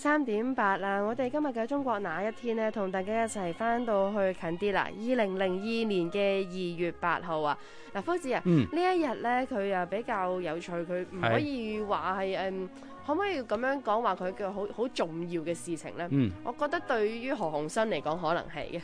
三點八啦，我哋今日嘅中國那一天呢，同大家一齊翻到去近啲啦。二零零二年嘅二月八號啊，嗱、啊，夫子啊，呢、嗯、一日呢，佢又比較有趣，佢唔可以話係誒。可唔可以咁樣講話佢叫好好重要嘅事情咧？嗯，我覺得對於何鴻燊嚟講可能係嘅。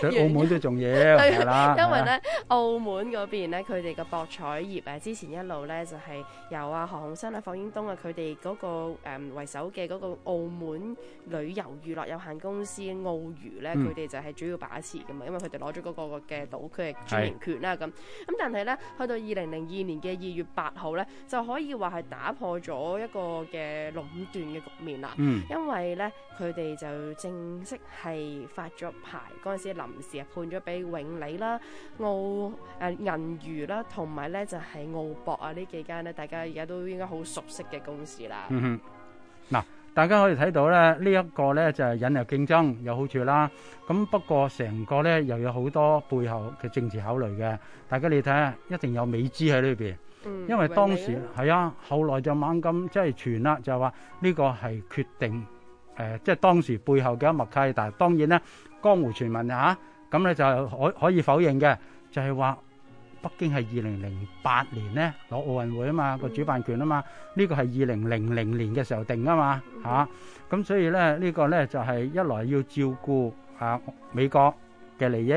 喺澳門都重要係因為咧的澳門嗰邊咧，佢哋嘅博彩業誒之前一路咧就係、是、由啊何鴻燊啊、霍英東啊佢哋嗰個誒、嗯、為首嘅嗰個澳門旅遊娛樂有限公司澳娛咧，佢哋、嗯、就係主要把持嘅嘛。因為佢哋攞咗嗰個嘅島區嘅專營權啦咁。咁的但係咧，去到二零零二年嘅二月八號咧，就可以話係打破咗一個嘅。誒，壟斷嘅局面啦，因為咧，佢哋就正式係發咗牌嗰陣時，臨時啊判咗俾永利啦、澳誒銀娛啦，同埋咧就係澳博啊呢幾間咧，大家而家都應該好熟悉嘅公司啦。嗯哼，嗱，大家可以睇到咧，呢一個咧就係引入競爭有好處啦。咁不過成個咧又有好多背後嘅政治考慮嘅，大家你睇下，一定有美資喺裏邊。因為當時係啊，後來就猛咁即係傳啦，就話、是、呢個係決定誒，即、呃、係、就是、當時背後嘅一默契。但係當然咧，江湖傳聞啊，咁咧就可以可以否認嘅，就係、是、話北京係二零零八年咧攞奧運會啊嘛，個主辦權啊嘛，呢個係二零零零年嘅時候定啊嘛，吓、啊、咁、嗯、哼所以咧呢、這個咧就係、是、一來要照顧啊美國嘅利益，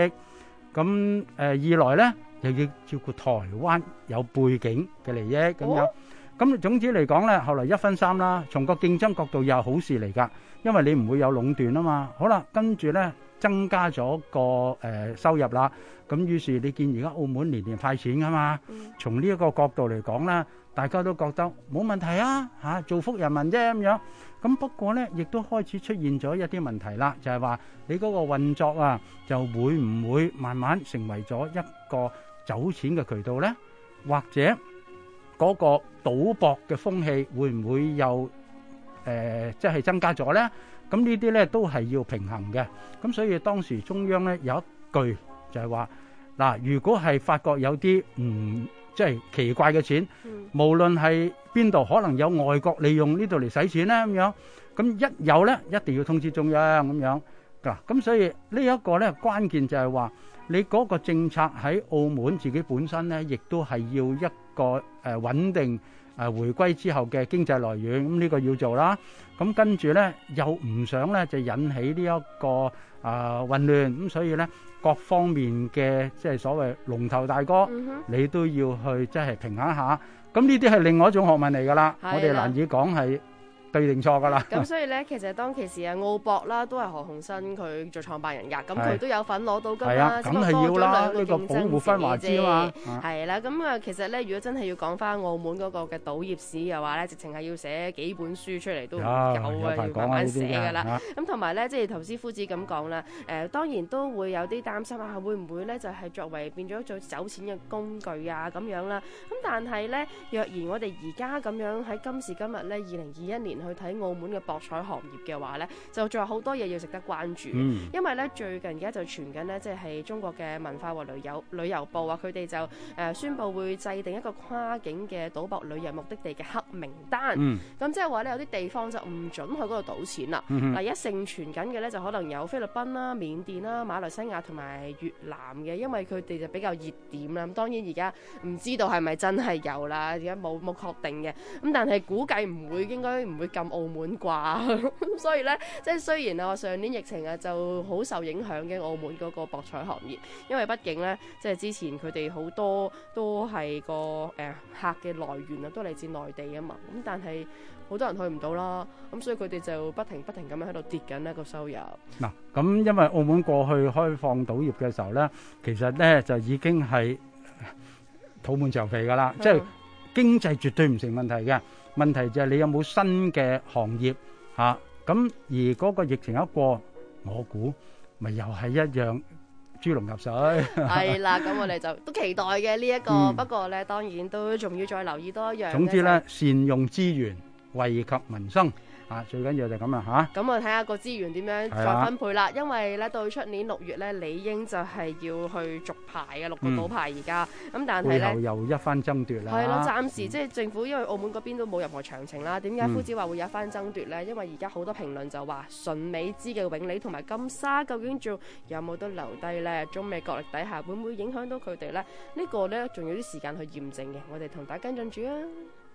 咁誒、呃、二來咧。又要照顧台灣有背景嘅利益咁、哦、樣，咁總之嚟講咧，後來一分三啦，從個競爭角度又係好事嚟㗎，因為你唔會有壟斷啊嘛。好啦，跟住咧增加咗個誒、呃、收入啦，咁於是你見而家澳門年年派錢㗎嘛，嗯、從呢一個角度嚟講啦。大家都覺得冇問題啊，嚇造福人民啫咁樣。咁不過呢，亦都開始出現咗一啲問題啦，就係話你嗰個運作啊，就會唔會慢慢成為咗一個走錢嘅渠道呢？或者嗰個賭博嘅風氣會唔會有誒，即係增加咗呢？咁呢啲呢都係要平衡嘅。咁所以當時中央呢有一句就係話：嗱，如果係發覺有啲唔即係奇怪嘅錢，無論係邊度，可能有外國利用呢度嚟使錢呢，咁樣，咁一有呢一定要通知中央咁樣。嗱，咁所以呢一個呢關鍵就係話，你嗰個政策喺澳門自己本身呢，亦都係要一個誒穩定。誒回歸之後嘅經濟來源，咁、這、呢個要做啦。咁跟住呢，又唔想呢就引起呢、這、一個誒、呃、混亂，咁所以呢，各方面嘅即係所謂龍頭大哥，嗯、哼你都要去即係、就是、平衡一下。咁呢啲係另外一種學問嚟㗎啦，的我哋難以講係。定錯㗎啦！咁、嗯、所以咧，其實當其時啊，澳博啦都係何鴻燊佢做創辦人㗎，咁、嗯、佢是都有份攞到金啦。係啊，咁係要啦，呢個保護翻華資嘛。係啦個，咁、嗯、啊、嗯嗯，其實咧，如果真係要講翻澳門嗰個嘅賭業史嘅話咧，直情係要寫幾本書出嚟都唔夠啊，啊，要慢慢寫㗎啦。咁同埋咧，即係頭先夫子咁講啦，誒、呃、當然都會有啲擔心啊，會唔會咧就係作為變咗做走錢嘅工具啊咁樣啦？咁、嗯、但係咧，若然我哋而家咁樣喺今時今日咧，二零二一年。去睇澳門嘅博彩行業嘅話呢，就仲有好多嘢要值得關注，嗯、因為呢，最近而家就傳緊呢即係、就是、中國嘅文化和旅遊旅遊部啊，佢哋就誒、呃、宣布會制定一個跨境嘅賭博旅遊目的地嘅黑名單，咁即係話呢有啲地方就唔準去嗰度賭錢啦。嗱、嗯，而家盛傳緊嘅呢，就可能有菲律賓啦、啊、緬甸啦、啊、馬來西亞同埋越南嘅，因為佢哋就比較熱點啦。咁當然而家唔知道係咪真係有啦，而家冇冇確定嘅，咁但係估計唔會，應該唔會。咁澳門啩， 所以咧，即係雖然啊，上年疫情啊，就好受影響嘅澳門嗰個博彩行業，因為畢竟咧，即係之前佢哋好多都係個誒、呃、客嘅來源啊，都嚟自內地啊嘛，咁但係好多人去唔到啦，咁、啊、所以佢哋就不停不停咁樣喺度跌緊呢、那個收入。嗱、啊，咁因為澳門過去開放賭業嘅時候咧，其實咧就已經係肚滿腸肥噶啦，啊、即係經濟絕對唔成問題嘅。問題就係你有冇新嘅行業吓？咁而嗰個疫情一過，我估咪又係一樣豬籠入水。係啦，咁我哋就都期待嘅呢一個，不過呢當然都仲要再留意多一樣。總之呢，善用資源，惠及民生。啊，最緊要就咁啦吓，咁啊睇下個資源點樣再分配啦。因為咧，到出年六月咧，理應就係要去續牌嘅六個島牌而家。咁但係咧，背後又一番爭奪啦。係咯，暫時即係政府因為澳門嗰邊都冇任何詳情啦。點解夫子話會有一番爭奪咧？因為而家好多評論就話，純美資嘅永利同埋金沙究竟仲有冇得留低咧？中美角力底下會唔會影響到佢哋咧？呢個咧仲有啲時間去驗證嘅。我哋同大家跟進住啊。